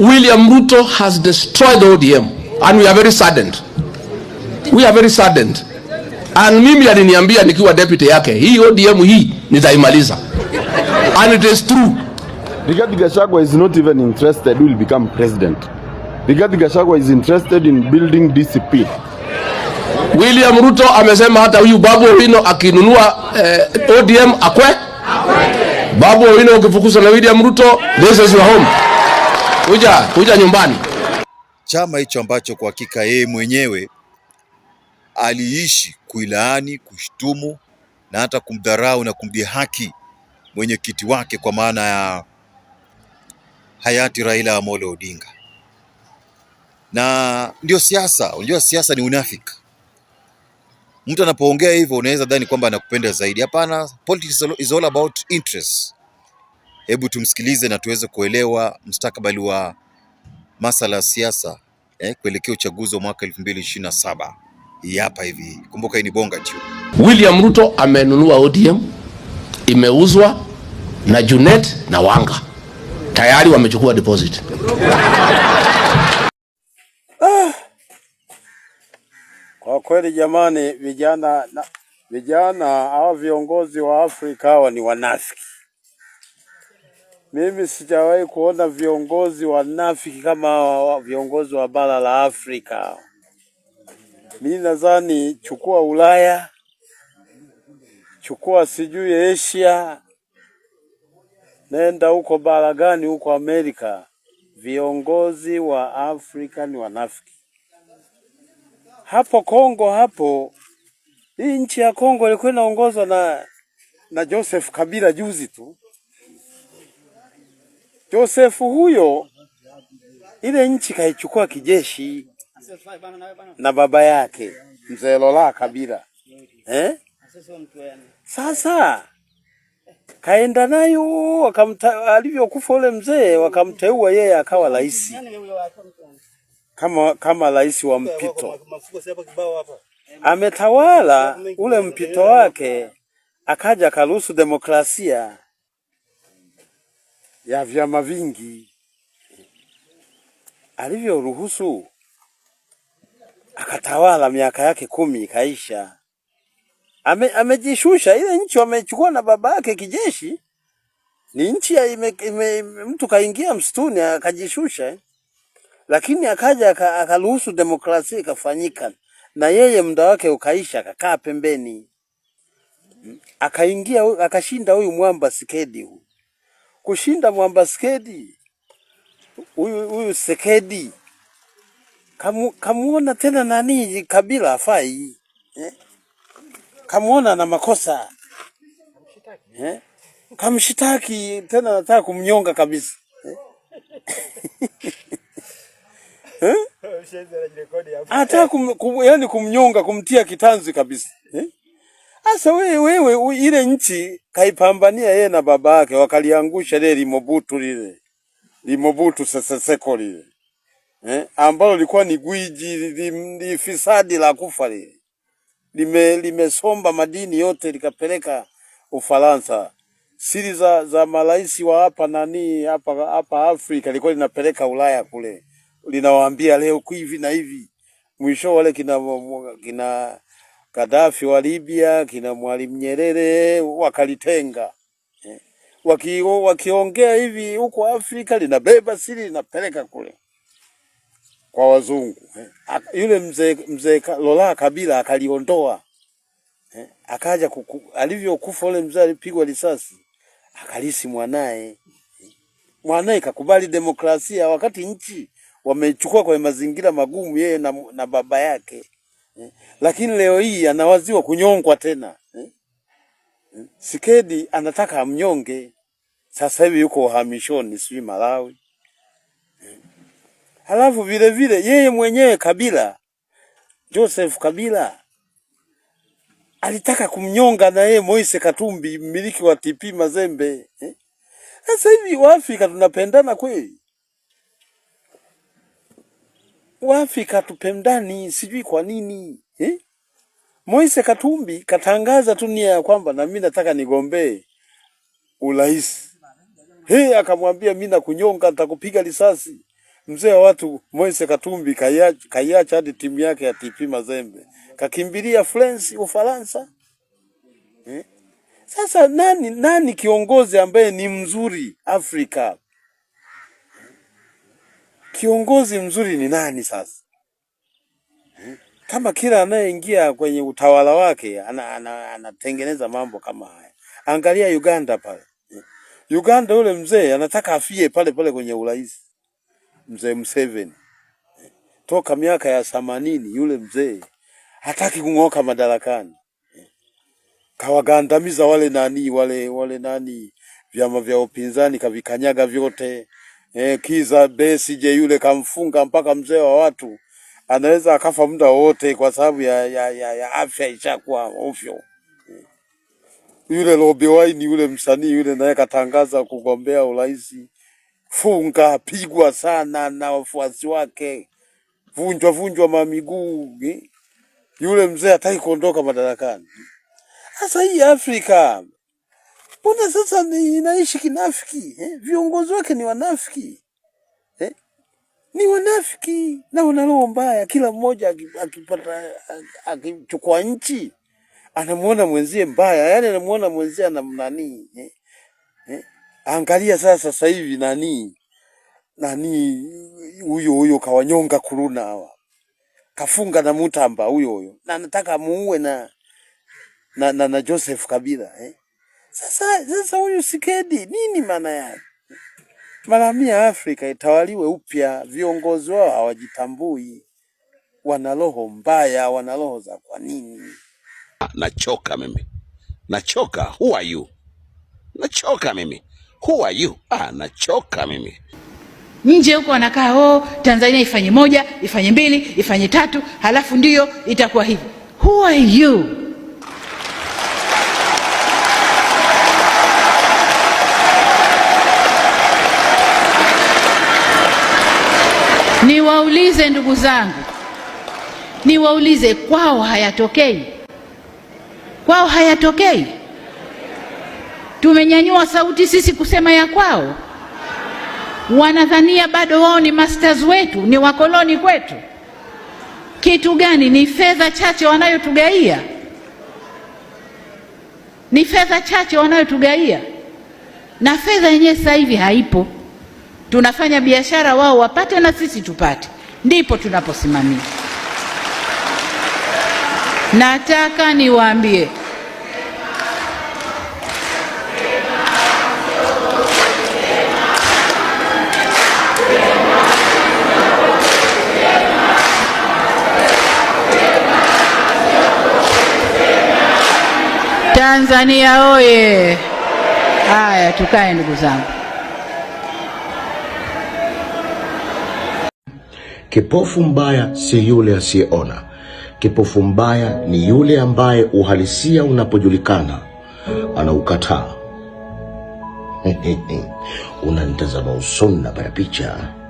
William Ruto has destroyed the ODM and we are very saddened. We are very saddened. And mimi aliniambia nikiwa deputy yake, hii ODM hii nitaimaliza. And it is true. Rigathi Gachagua is not even interested will become president. Rigathi Gachagua is interested in building DCP. William Ruto amesema hata huyu Babu Owino akinunua eh, ODM akwe. Babu Owino ukifukuza na William Ruto, this is your home kuja kuja nyumbani. Chama hicho ambacho kwa hakika yeye mwenyewe aliishi kuilaani, kushtumu na hata kumdharau na kumdhihaki mwenyekiti wake kwa maana ya hayati Raila Amolo Odinga. Na ndio siasa. Unajua siasa ni unafiki. Mtu anapoongea hivyo unaweza dhani kwamba anakupenda zaidi. Hapana, politics is all about interests hebu tumsikilize na tuweze kuelewa mustakabali wa masala ya siasa eh, kuelekea uchaguzi wa mwaka 2027. Hii hapa hivi, kumbuka hii ni bonga tu. William Ruto amenunua ODM, imeuzwa na Junet na Wanga tayari wamechukua deposit. Ah. kwa kweli jamani, vijana na vijana hawa viongozi wa Afrika hawa ni wanafiki. Mimi sijawahi kuona viongozi wanafiki kama hawa viongozi wa bara la Afrika. Mimi nadhani chukua Ulaya, chukua sijui Asia, nenda huko bara gani huko Amerika, viongozi wa Afrika ni wanafiki. Hapo Kongo, hapo hii nchi ya Kongo ilikuwa inaongozwa na na Joseph Kabila juzi tu Josefu huyo ile nchi kaichukua kijeshi na baba yake mzee Lola Kabila eh? Sasa kaenda nayo alivyokufa ule mzee, wakamteua yeye akawa rais kama kama rais wa mpito, ametawala ule mpito wake, akaja karuhusu demokrasia ya vyama vingi alivyoruhusu akatawala miaka yake kumi ikaisha. Ame, amejishusha ile nchi wamechukua na baba yake kijeshi, ni nchi ya ime, ime, mtu kaingia msituni akajishusha, lakini akaja akaruhusu demokrasia ikafanyika, na yeye muda wake ukaisha, akakaa pembeni, hmm, akaingia akashinda huyu mwamba Sikedi huyu kushinda mwambaskedi huyu huyu sekedi kamu, kamuona tena nani kabila afai eh? Kamuona na makosa eh? Kamshitaki tena, nataka kumnyonga kabisa eh? eh? Ataka kum, kum, yani kumnyonga kumtia kitanzi kabisa eh? Sasa wewe wewe ile nchi kaipambania yeye na baba yake wakaliangusha lile limobutu lile. Limobutu seseseko lile. Eh, ambalo lilikuwa ni gwiji ni fisadi la kufa lile. Lime limesomba madini yote likapeleka Ufaransa. Siri za za marais wa hapa nani hapa hapa Afrika lilikuwa linapeleka Ulaya kule. Linawaambia leo hivi na hivi. Mwisho wale kina kina Gaddafi wa Libya kina Mwalimu Nyerere wakalitenga eh. Waki, wakiongea hivi huko Afrika linabeba siri linapeleka kule kwa wazungu eh. Yule mzee mzee Lola Kabila akaliondoa eh. Akaja alivyokufa yule mzee alipigwa risasi akalisi mwanaye mwanae Mwanaye kakubali demokrasia wakati nchi wamechukua kwa mazingira magumu, yeye na, na baba yake lakini leo hii anawaziwa kunyongwa tena Sikedi anataka amnyonge, sasa hivi yuko uhamishoni, sijui Malawi Halafu vile vile yeye mwenyewe Kabila, Joseph Kabila alitaka kumnyonga na yeye Moise Katumbi, mmiliki wa TP Mazembe Sasa hivi Waafrika tunapendana kweli? wapi katupendani, sijui kwa nini eh? Moise Katumbi katangaza tu nia ya kwamba na mimi nataka nigombee urais eh, akamwambia mimi nakunyonga, nitakupiga risasi. Mzee wa watu Moise Katumbi kaiacha hadi timu yake ya TP Mazembe, kakimbilia France, Ufaransa eh? Sasa nani nani kiongozi ambaye ni mzuri Afrika Kiongozi mzuri ni nani sasa? Kama kila anayeingia kwenye utawala wake anatengeneza ana, ana mambo kama haya. Angalia Uganda pale. Uganda yule mzee anataka afie pale pale kwenye urais. Mzee Museveni toka miaka ya themanini, yule mzee hataki kung'oka madarakani, kawagandamiza wale nani wale wale nani vyama vya upinzani kavikanyaga vyote. Eh, kiza je yule kamfunga mpaka mzee wa watu anaweza akafa muda wote kwa sababu ya, ya, ya, ya afya ishakuwa ovyo. Yule Robi Wine yule msanii yule naye katangaza kugombea urais. Funga pigwa sana na wafuasi wake, vunjwa vunjwa mamiguu. Eh? Yule mzee hataki kuondoka madarakani. Sasa hii Afrika Mbona sasa ni inaishi kinafiki eh? Viongozi wake ni wanafiki eh? Ni wanafiki na wana roho mbaya. Kila mmoja akipata akichukua nchi anamuona mwenzie mbaya, yani anamuona mwenzie ana nani eh? Eh? Angalia sasa sasa hivi nani nani huyo huyo kawanyonga kuruna hawa kafunga na Mutamba huyo huyo na anataka muue na na, na na Joseph Kabila eh? Sasa sasa huyu sikedi nini maana yake? maramia Afrika itawaliwe upya, viongozi wao hawajitambui, wana roho mbaya, wana roho za kwa nini? Nachoka mimi, nachoka. Who are you? Nachoka mimi, who are you? Ah, nachoka mimi. Nje huko wanakaa oh, Tanzania ifanye moja, ifanye mbili, ifanye tatu, halafu ndiyo itakuwa hivi. Who are you? niwaulize ndugu zangu, niwaulize, kwao hayatokei? Kwao hayatokei? Tumenyanyua sauti sisi kusema ya kwao, wanadhania bado wao ni masters wetu, ni wakoloni kwetu. Kitu gani? Ni fedha chache wanayotugaia, ni fedha chache wanayotugaia, na fedha yenyewe sasa hivi haipo tunafanya biashara, wao wapate na sisi tupate, ndipo tunaposimamia. Nataka niwaambie Tanzania oye! Haya, tukae ndugu zangu. Kipofu mbaya si yule asiyeona. Kipofu mbaya ni yule ambaye uhalisia unapojulikana anaukataa. Unanitazama usoni na picha